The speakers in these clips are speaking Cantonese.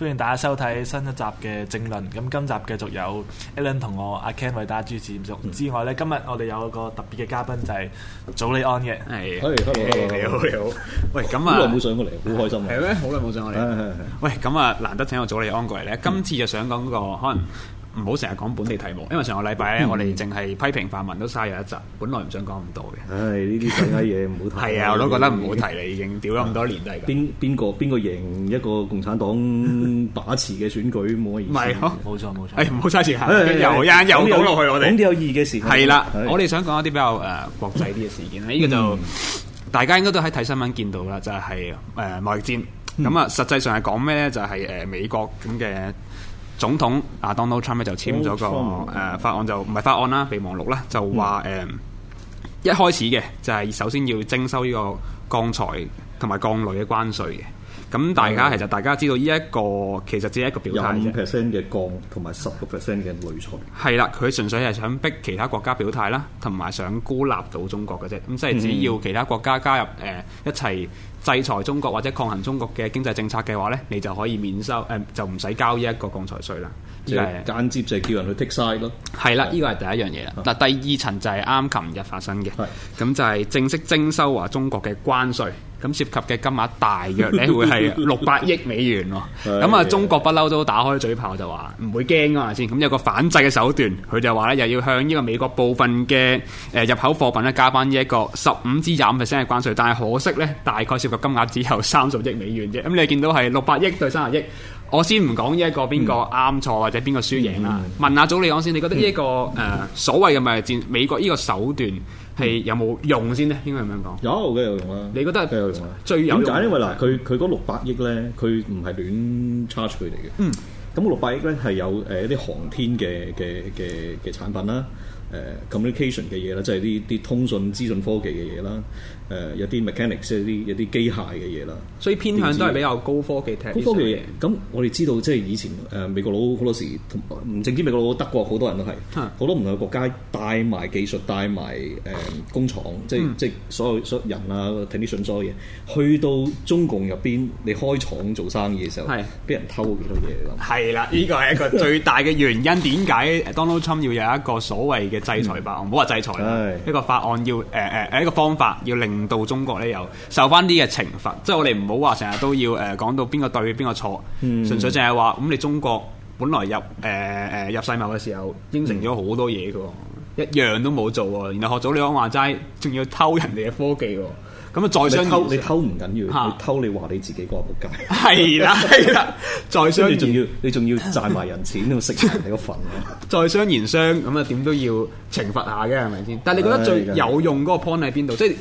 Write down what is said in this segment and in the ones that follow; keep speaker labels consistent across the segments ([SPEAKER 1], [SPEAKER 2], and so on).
[SPEAKER 1] 歡迎大家收睇新一集嘅政論。咁今集繼續有 Allen 同我阿 Ken 為大家主持。咁、嗯、之外咧，今日我哋有一個特別嘅嘉賓就係、是、祖利安嘅。係、哎 hey,，你好你好。
[SPEAKER 2] 喂，咁啊，好耐冇上過嚟，好是開心啊。係咩？好
[SPEAKER 1] 耐冇上過嚟。喂，咁啊，難得請我祖利安過嚟咧。今次就想講嗰、那個、嗯、可能。唔好成日講本地題目，因為上個禮拜咧，我哋淨係批評泛民都嘥咗一集，本來唔想講咁多
[SPEAKER 2] 嘅。呢啲咁嘅嘢唔好提。係啊，我都覺得唔好提，你已經屌咗咁多年嚟。邊邊個邊個贏一個共產黨把持嘅選舉，冇乜意思。係，冇錯冇錯，唔好嘥時間。又一間又講落去，我哋講啲有意嘅事。係啦，我哋
[SPEAKER 1] 想講一啲比較誒國際啲嘅事件。呢個就大家應該都喺睇新聞見到啦，就係誒貿易戰。咁啊，實際上係講咩咧？就係誒美國咁嘅。總統啊，Donald Trump 就簽咗個誒、oh, sorry. 呃、法案就，就唔係法案啦，備忘錄啦，就話誒、mm. 呃、一開始嘅就係、是、首先要徵收呢個鋼材同埋鋼鋁嘅關稅嘅。咁大家其實大家知道呢一個其實只係一個表態，
[SPEAKER 2] 五 percent 嘅鋼同埋十個 percent 嘅鋁材。
[SPEAKER 1] 係啦，佢純粹係想逼其他國家表態啦，同埋想孤立到中國嘅啫。咁即係只要其他國家加入誒、呃、一齊制裁中國或者抗衡中國嘅經濟政策嘅話咧，你就可以免收誒、呃、就唔使交呢一個鋼材稅啦。
[SPEAKER 2] 即、這、係、個、間接就係
[SPEAKER 1] 叫人去 take side 咯的。係啦，呢個係第一樣嘢。嗱、啊，第二層就係啱琴日發生嘅，咁的就係正式徵收華中國嘅關稅。咁涉及嘅金額大約咧會係六百億美元喎。
[SPEAKER 2] 咁啊 的中
[SPEAKER 1] 國不嬲都打開嘴炮就話唔會驚啊嘛先。咁有個反制嘅手段，佢就話咧又要向呢個美國部分嘅誒入口貨品咧加翻呢一個十五至廿五 percent 嘅關稅，但係可惜咧大概涉及金額只有三十億美元啫，咁你見到係六百億對三十億，我先唔講呢一個邊個啱錯或者邊個輸贏啊。問下祖你講先，你覺得呢、這、一個誒、呃、所謂嘅咪戰美國呢個手段？係有冇用
[SPEAKER 2] 先咧？應該咁樣講，有梗有用啦。你覺得幾有用啊？最有用，點解？因為嗱，佢佢嗰六百億咧，佢唔係亂差佢嚟嘅。嗯那那，咁六百億咧係有誒一啲航天嘅嘅嘅嘅產品啦。誒、呃、communication 嘅嘢啦，即係呢啲通訊資訊科技嘅嘢啦，誒、呃、有啲 mechanics 即係啲有啲機械嘅嘢啦，所以偏向都係比較高
[SPEAKER 1] 科技嘅。高科技嘅嘢，
[SPEAKER 2] 咁我哋知道即係以前誒、呃、美國佬好多時同唔淨止美國佬，德國好多人都係，好、啊、多唔同嘅國家帶埋技術帶埋誒工廠，即係、嗯、即係所有所有人啊，睇啲信息嘅嘢，去到中共入邊，你開廠做生意嘅時候，係俾的人偷幾多嘢㗎？係啦的，呢個係一個最
[SPEAKER 1] 大嘅原因，點解 Donald Trump 要有一個所謂嘅？制裁吧，唔好話制裁啦。呢 個法案要，誒誒誒，呢個方法要令到中國咧有受翻啲嘅懲罰。 即係我哋唔好話成日都要，誒、呃、講到邊個對邊個錯，
[SPEAKER 2] 純 粹淨
[SPEAKER 1] 係話，咁你中國本來入，誒、呃、誒入世貿嘅時候應承咗好多嘢㗎， 一樣都冇做、哦，然後學咗你講話齋，仲要
[SPEAKER 2] 偷人哋嘅科技、哦。咁啊！在商你偷唔緊 要，你偷你話你自己個撲街，係啦係啦。在商，你仲要你仲要賺埋人錢，食人哋個份。
[SPEAKER 1] 在商言商，咁啊點都要懲罰下嘅，係咪先？但係你覺得最有用嗰個 point 喺邊度？即係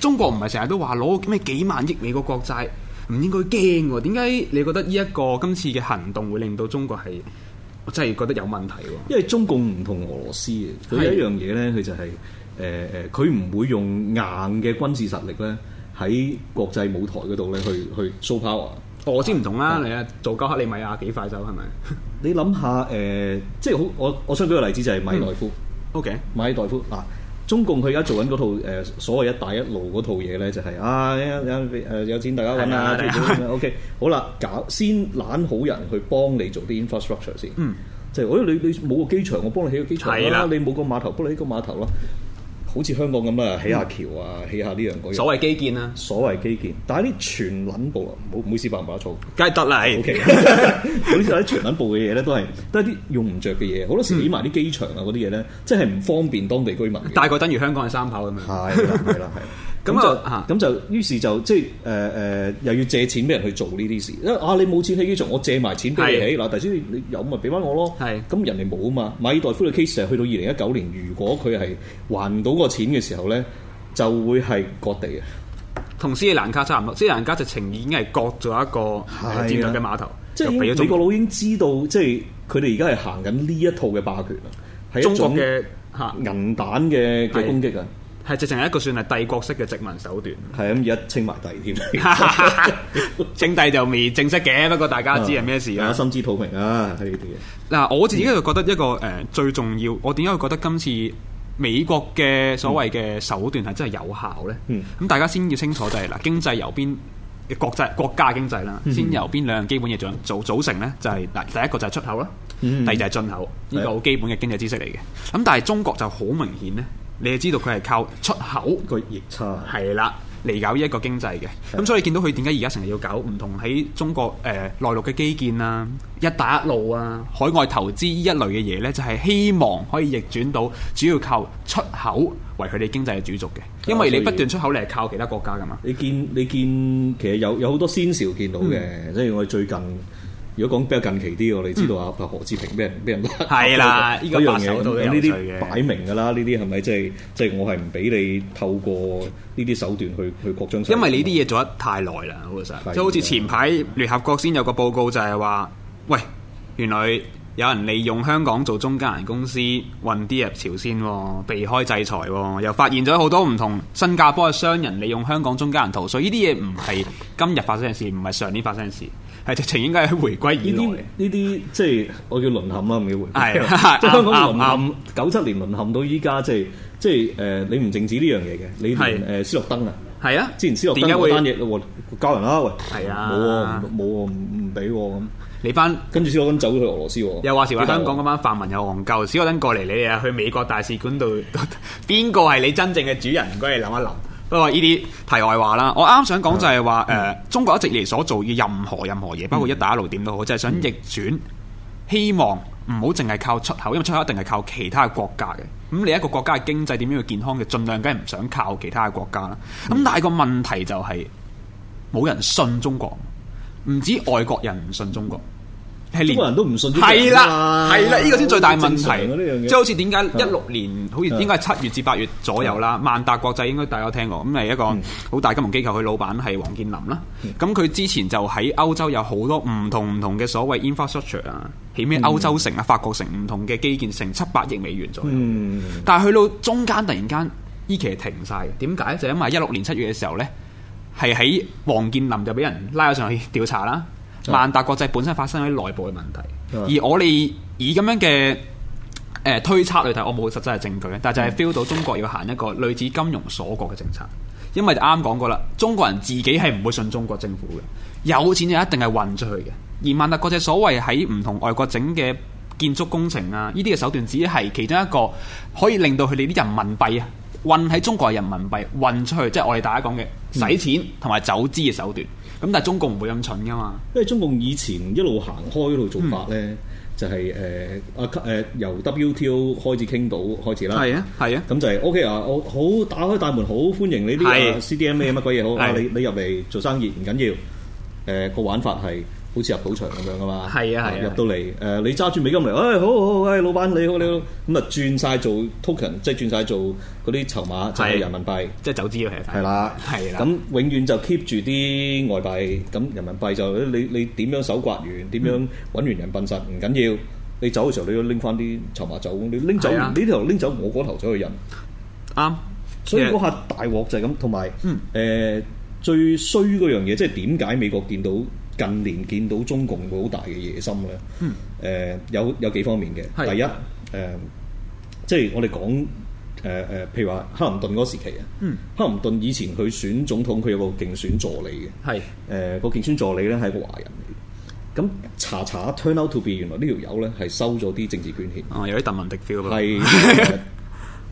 [SPEAKER 1] 中國唔係成日都話攞咩幾萬億美國國債唔應該驚，點解你覺得呢一個今次嘅行動會令到中國係我真係覺得有問題？
[SPEAKER 2] 因為中共唔同俄羅斯嘅，佢有一樣嘢咧，佢就係、是。誒誒，佢唔會用硬嘅軍事實力咧，喺國際舞台嗰度咧去去 show power。我知唔同啦，嚟啊，做夠克里米亞幾快走係咪？你諗下誒，即係好，我我想舉個例子就係馬爾代夫。OK，馬爾代夫嗱，中共佢而家做緊嗰套誒所謂一帶一路嗰套嘢咧，就係啊有錢大家揾啊」。OK，好啦，搞先攬好人去幫你做啲 infrastructure 先。嗯，就係我因為你你冇個機場，我幫你起個機場啦。你冇個碼頭，幫你起個碼頭啦。好似香港咁啊，起下橋啊，起下呢樣嗰樣所謂基建啊，所謂基建，但係啲全揾部啊，唔好意思半百得做，梗係得啦。O K，好似時啲全揾部嘅嘢咧，都係都係啲用唔着嘅嘢，好多時起埋啲機場啊嗰啲嘢咧，即係唔方便當地居民。大概等於香港係三跑咁樣的。係啦， 係啦，係。咁就咁就，於是就即係誒誒，又要借錢俾人去做呢啲事。啊，你冇錢起，於是，我借埋錢俾你起。嗱的，頭先、啊，你有咪俾翻我咯？係的。咁人哋冇啊嘛。馬爾代夫嘅 case、係、去到二零一九年，如果佢係還唔到個錢嘅時候咧，就會係割地啊。同斯里蘭卡差唔多。斯里蘭卡就情已係割咗一個戰略嘅碼頭。的即係美國佬已經知道，即係佢哋而家係行緊呢一套嘅霸權中國啊，係一種嚇銀彈嘅嘅攻擊啊！係直情係一個算
[SPEAKER 1] 係帝國式嘅殖民手段，係咁，而家清埋帝添。清帝就未正式嘅，不過大家知係咩事啊？心知肚明啊，睇呢啲嘢。嗱、啊，我自己就覺得一個誒、呃、最重要，我點解會覺得今次美國嘅所謂嘅手段係真係有效咧？咁、嗯、大家先要清楚就係、是、嗱，經濟由邊國際國家經濟啦，先由邊兩樣基本嘢組組組成咧，就係、是、嗱，第一個就係出口啦，第二就係進口，呢、這個好基本嘅經濟知識嚟嘅。咁但係中國就好明顯咧。你係知道佢係靠出口個逆差係啦，嚟搞依一個經濟嘅，咁是的 所以見到佢點解而家成日要搞唔同喺中國誒、呃、內陸嘅基建啊、一帶一路啊、海外投資呢一類嘅嘢呢？就係、是、希望可以逆轉到主要靠出口為佢哋經濟嘅主軸嘅，因為你不斷
[SPEAKER 2] 出口你係靠其他國家噶嘛你。你見你見其實有有好多先兆見到嘅，嗯、即係我最近。如果講比較近期啲，我哋、嗯、知道啊，何志平俾人俾人係啦，呢個白手到擺明嘅啦，呢啲係咪即係即係我係唔俾你透過呢啲手段去去擴張？因為你啲嘢做得太耐啦，其實即係好似前排
[SPEAKER 1] 聯合國先有個報告就係話，喂，原來有人利用香港做中間人公司運啲入朝鮮、哦，避開制裁、哦，又發現咗好多唔同新加坡嘅商人利用香港中間人逃稅。呢啲嘢唔係今日發生嘅事，唔係上年發生嘅
[SPEAKER 2] 事。係直情應該喺回歸呢啲呢啲即係我叫淪陷啦，唔叫迴歸。香港淪陷，九七年淪陷到依家，即係即係誒，你唔淨止呢樣嘢嘅，你連誒斯諾登啊，係啊，之前斯諾登嗰單嘢咯，交人啦，喂，係啊，冇喎，冇喎，唔唔俾喎咁。你翻跟住斯諾登走咗去俄羅斯喎，又話時話香港嗰班泛民又
[SPEAKER 1] 戇鳩，斯諾登過嚟你啊，去美國大使館度，邊個係你真正嘅主人？唔該你諗一諗？不過呢啲題外話啦，我啱想講就係話，誒、呃，嗯、中國一直嚟所做嘅任何任何嘢，嗯、包括一帶一路點都好，就係、是、想逆轉，嗯、希望唔好淨係靠出口，因為出口一定係靠其他嘅國家嘅。咁你一個國家嘅經濟點樣去健康嘅，盡量梗係唔想靠其他嘅國家啦。咁但係個問題就係、是、冇人信中國，唔止外國人唔信中國。好多人都唔信，係啦係啦，依個先最大問題。即係好似點解一六年，好似應該係七月至八月左右啦。萬達國際應該大家聽過，咁係一個好大金融機構，佢老闆係王健林啦。咁佢之前就喺歐洲有好多唔同唔同嘅所謂 Infrastructure 啊，起咩歐洲城啊、法國城唔同嘅基建，成七百億美元咗。但係去到中間突然間依期停晒，點解？就因為一六年七月嘅時候呢，係喺王健林就俾人拉咗上去調查啦。萬達國際本身發生喺啲內部嘅問題，嗯、而我哋以咁樣嘅誒、呃、推測嚟睇，我冇實質嘅證據，但就係 feel 到中國要行一個類似金融鎖國嘅政策，因為啱講過啦，中國人自己係唔會信中國政府嘅，有錢就一定係運出去嘅。而萬達國際所謂喺唔同外國整嘅建築工程啊，呢啲嘅手段只係其中一個可以令到佢哋啲人民幣啊，運喺中國人民幣運出去，即、就、係、是、我哋大家講嘅使錢同埋走資嘅手段。嗯咁但係中共唔會咁蠢噶嘛？
[SPEAKER 2] 因為中共以前一路行開一路做法咧、嗯就是，就係誒啊誒由 WTO 開始傾到開始啦，係啊係啊，咁、啊、就係 OK 啊，我好打開大門，好歡迎你啲 CD 是啊 CDMA 咩乜鬼嘢好是、啊啊、你你入嚟做生意唔緊要，誒、呃、個玩法係。好似入賭場咁樣啊嘛，係啊係啊，啊入到嚟誒、啊啊呃，你揸住美金嚟，誒、哎、好好誒、哎，老闆你好你好，咁啊、嗯、轉晒做 token，即係轉晒做嗰啲籌碼，就係、是、人民幣，啊、即係走資嘅係啦，係啦、啊，咁、啊、永遠就 keep 住啲外幣，咁人民幣就你你點樣手刮完，點、嗯、樣揾完人笨實唔緊要，你走嘅時候你要拎翻啲籌碼走，你拎走呢頭拎走我嗰頭再去印，啱、嗯，所以嗰下大鑊就係咁，同埋誒最衰嗰樣嘢，即係點解美國見到？近年見到中共好大嘅野心咧，誒、嗯呃、有有幾方面嘅。是的 第一誒、呃，即係我哋講誒誒、呃，譬如話克林頓嗰時期啊，克、嗯、林頓以前佢選總統佢有個競選助理嘅，誒個是的、呃、競選助理咧係一個華人嚟嘅。咁查查 turn out to be 原來呢條友咧係收咗啲政治捐獻，哦有啲鄧文迪 fe 的 feel 係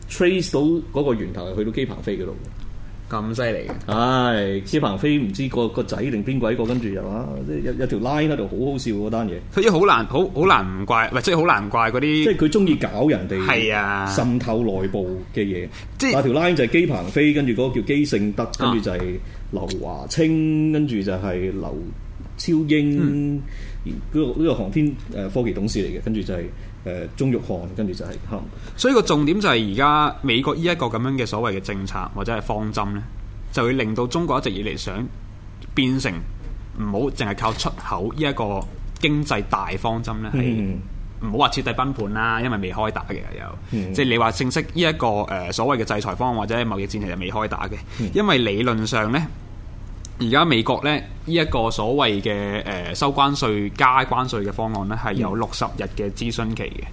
[SPEAKER 2] trace 到嗰個源頭係去到基彭飛嗰度。咁犀利嘅！係姬鵬飛唔知個個仔定邊鬼個，跟住，係嘛？有有條 line 喺度，好好笑嗰單嘢。所以好難，好好難唔怪，唔、就是，即係好難怪嗰啲，即係佢中意搞人哋，滲透內部嘅嘢。嗱、啊，條 line 就係姬鵬飛，跟住嗰個叫姬勝德，跟住就係劉華清，跟住就係劉超英，呢、嗯這個呢、這個航天誒、呃、科技董事嚟嘅，跟住就係、是。誒、呃、中玉行跟住就係、是，
[SPEAKER 1] 所以個重點就係而家美國呢一個咁樣嘅所謂嘅政策或者係方針呢，就會令到中國一直以嚟想變成唔好淨係靠出口呢一個經濟大方針呢，
[SPEAKER 2] 係
[SPEAKER 1] 唔好話徹底崩盤啦，因為未開打嘅又，即係、嗯、你話正式呢一個誒所謂嘅制裁方案或者係貿易戰其實未開打嘅，嗯、因為理論上呢。而家美國呢，呢一個所謂嘅誒、呃、收關稅加關稅嘅方案呢，係有六十日嘅諮詢期嘅。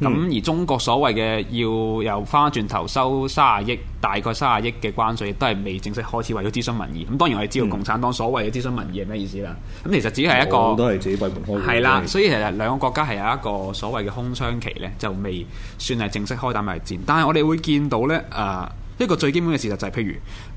[SPEAKER 2] 咁、嗯、而
[SPEAKER 1] 中國所謂嘅要由翻轉頭收卅億，大概卅億嘅關稅，都係未正式開始為咗諮詢民意。咁當然我哋知道共產黨所謂嘅諮詢民意係咩意思啦。咁、嗯、其實只係一個都係自
[SPEAKER 2] 己閉門開會啦，所
[SPEAKER 1] 以其實兩個國家係有一個所謂嘅空窗期呢，就未算係正式開打貿戰。但係我哋會見到呢。啊、呃、～一個最基本嘅事實就係、是，譬如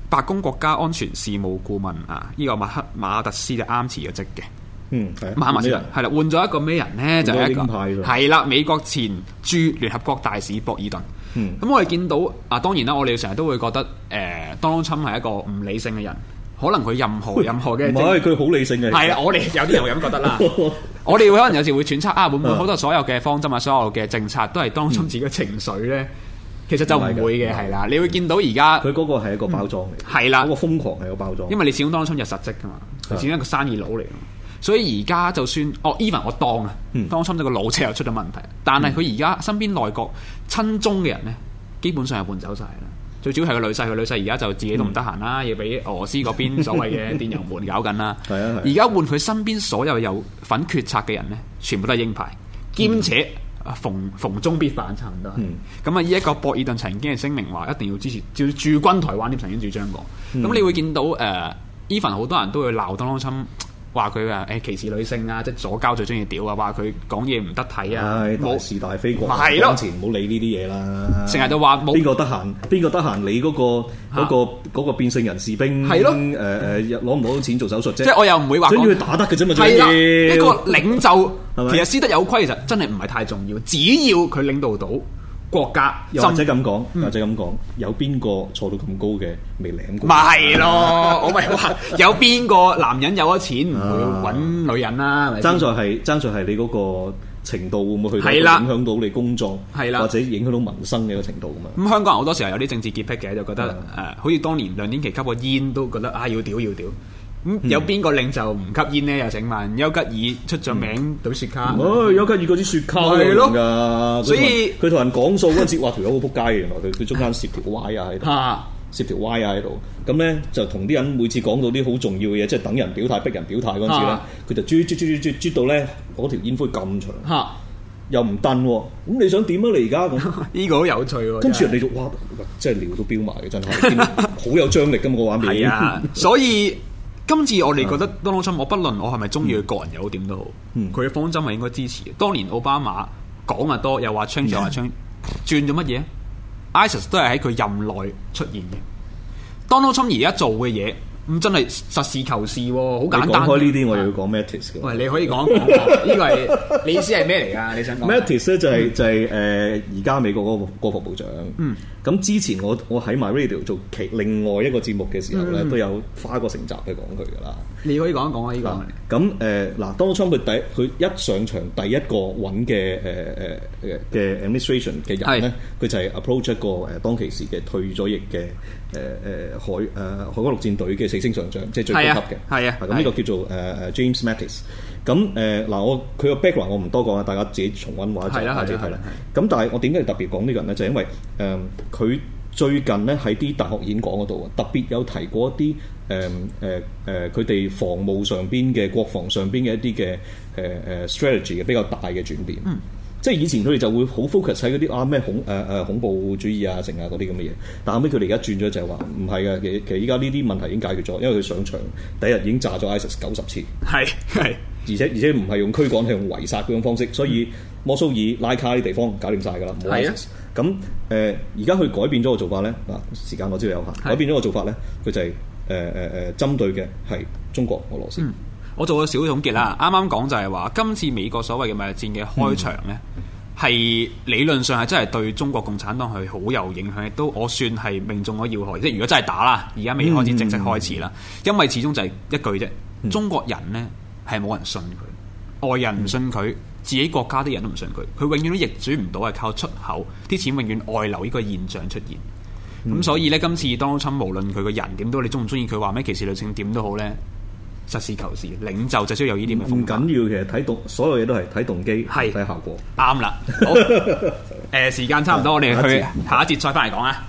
[SPEAKER 1] 白宮國家安全事務顧問啊，呢、這個馬克馬特斯就啱辭咗職嘅。嗯、啊，係馬特斯係啦，換咗、嗯、一個咩人呢，就係一個係啦，美國前駐聯合國大使博爾頓。咁、嗯嗯、我哋見到啊，當然啦，我哋成日都會覺得誒、呃，當侵係一個唔理性嘅人，可能佢任何任何嘅唔係佢
[SPEAKER 2] 好理性嘅。係啊，我哋有啲人會咁覺得啦。
[SPEAKER 1] 我哋可能有時會揣測啊，會唔會好多所有嘅方針啊，所有嘅政策都係當侵自己嘅情緒呢？嗯其實就唔會嘅，係啦，你會見到而家佢嗰個係一個包裝嚟，係啦，嗰個瘋狂係個包裝。因為你始終當初就實職噶嘛，始終一個生意佬嚟。所以而家就算哦，Even 我當啊，當初呢個老車又出咗問題。但係佢而家身邊內閣親中嘅人呢，基本上係換走晒啦。最主要係個女婿，個女婿而家就自己都唔得閒啦，要俾俄羅斯嗰邊所謂嘅電油門搞緊啦。而家換佢身邊所有有份決策嘅人呢，全部都係鷹派，兼且。逢逢中必反，差唔多。咁啊，呢一個博爾頓曾經係聲明話，一定要支持叫駐軍台灣，啲曾經主張過。咁、嗯、你會見到誒，even 好多人都會鬧當當親。話佢啊，誒、欸、歧視女性啊，即係左膠最中意屌啊！講話佢講嘢唔得體啊，冇
[SPEAKER 2] 是、哎、大，大非過。係對咯，當前唔好理呢啲嘢啦。成日就話邊個得閒，邊個得閒，你嗰個嗰個個變性人士兵，係對咯、呃，誒誒，攞唔攞到錢做手術啫？ 即係我又唔會話。所以佢打得嘅啫嘛，係啦。 一個領袖， 其實私德有虧，其實真係唔係太重要，只要佢領導到。國
[SPEAKER 1] 家或者
[SPEAKER 2] 咁講，嗯、或者咁講，有邊個坐到咁高嘅未領過？咪係咯， 我咪話有邊個男人有咗錢唔會揾
[SPEAKER 1] 女人啦，啊？爭 在係
[SPEAKER 2] 爭在係你嗰個程度會唔會去到影響到你工作？係啦的，或者影響到民生嘅一個程度咁啊！
[SPEAKER 1] 咁香港人好多時候有啲政治潔癖嘅，就覺得誒的、啊，好似當年兩年期吸個煙都覺得啊，要屌要屌。要屌嗯，有邊個領袖唔吸煙呢？又請問，丘吉爾出咗名賭雪茄。丘
[SPEAKER 2] 吉爾嗰支雪茄嚟噶，所以佢同人講數嗰陣時，話條友好仆街，原來佢佢中間攝條 Y 啊喺度，攝條 Y 啊喺度，咁咧就同啲人每次講到啲好重要嘅嘢，即係等人表態、逼人表態嗰陣時咧，佢就啜到咧，嗰條煙灰咁長，吓又唔燉，咁你想點啊？你而家咁，呢個好有趣喎，跟住人哋就哇，即係尿都飆埋嘅真係，好有張力噶嘛個畫面，所以。
[SPEAKER 1] 今次我哋覺得 Donald Trump，我不論我係咪鍾意佢個人有啲點都好，佢嘅、嗯、方針係應該支持。當年奧巴馬講啊多，又話 change 又話 change，轉咗乜嘢？ISIS 都係喺佢任內出現嘅。 Donald Trump 而家做嘅嘢。咁真係實事求是，好簡單。講開呢啲，
[SPEAKER 2] 我又要講 Mattis 嘅。喂， 你
[SPEAKER 1] 可以講一講，呢 個係你意思係咩嚟噶？你想講 Mattis 咧、
[SPEAKER 2] 就係，就係就係誒，而家美國個國防部長。嗯。咁之前我我喺 My Radio 做其另外一個節目嘅時候咧，嗯、都有花過成集去講佢噶啦。你可以講一講啊，呢個。咁誒嗱，當初佢第一，佢一上場，第一個揾嘅誒誒嘅嘅 Administration 嘅人咧，佢是就係 approach 一個誒當其時嘅退咗役嘅。誒誒海誒海軍陸戰隊嘅四星上將，即係最高級嘅。係啊，咁呢個叫做誒誒、呃、James Mattis。咁誒嗱，我佢個 background 我唔多講啊，大家自己重溫話就係啦。咁但係我點解特別講呢個人咧？就係、因為誒佢、呃、最近咧喺啲大學演講嗰度啊，特別有提過一啲誒誒誒佢哋防務上邊嘅國防上邊嘅一啲嘅誒誒 strategy 嘅比較大嘅轉變。嗯。即係以前佢哋就會好 focus 喺嗰啲啊咩恐誒誒、呃、恐怖主義啊成啊嗰啲咁嘅嘢，但後尾佢哋而家轉咗就係話唔係嘅，其實其實依家呢啲問題已經解決咗，因為佢上場第一日已經炸咗 ISIS 九十次，係係是是，而且而且唔係用驅趕，係用圍殺嗰種方式，嗯、所以摩蘇爾、拉卡啲地方搞掂晒㗎啦，係啊，咁誒而家佢改變咗個做法咧啊，時間我知道有限，是改變咗個做法咧，佢就係誒誒誒針對嘅係中國、俄羅斯斯。
[SPEAKER 1] 我做個小總結啦，啱啱講就係話，今次美國所謂嘅貿易戰嘅開場呢，係、嗯、理論上係真係對中國共產黨係好有影響，亦都我算係命中咗要害。即係如果真係打啦，而家未開始正式開始啦，嗯、因為始終就係一句啫，嗯、中國人呢，係冇人信佢，外人唔信佢，嗯、自己國家啲人都唔信佢，佢永遠都逆轉唔到，係靠出口啲錢永遠外流呢個現象出現。咁、嗯嗯、所以呢，今次當初無論佢個人點都你喜喜，你中唔中意佢話咩歧視女性點都好呢。實事求是，領袖就需要有依點。唔緊
[SPEAKER 2] 要，其實睇動，所有嘢都係睇動機，係睇是效果。
[SPEAKER 1] 啱啦。好，
[SPEAKER 2] 誒， 時間差唔多， 我哋去下一節再翻嚟講啊。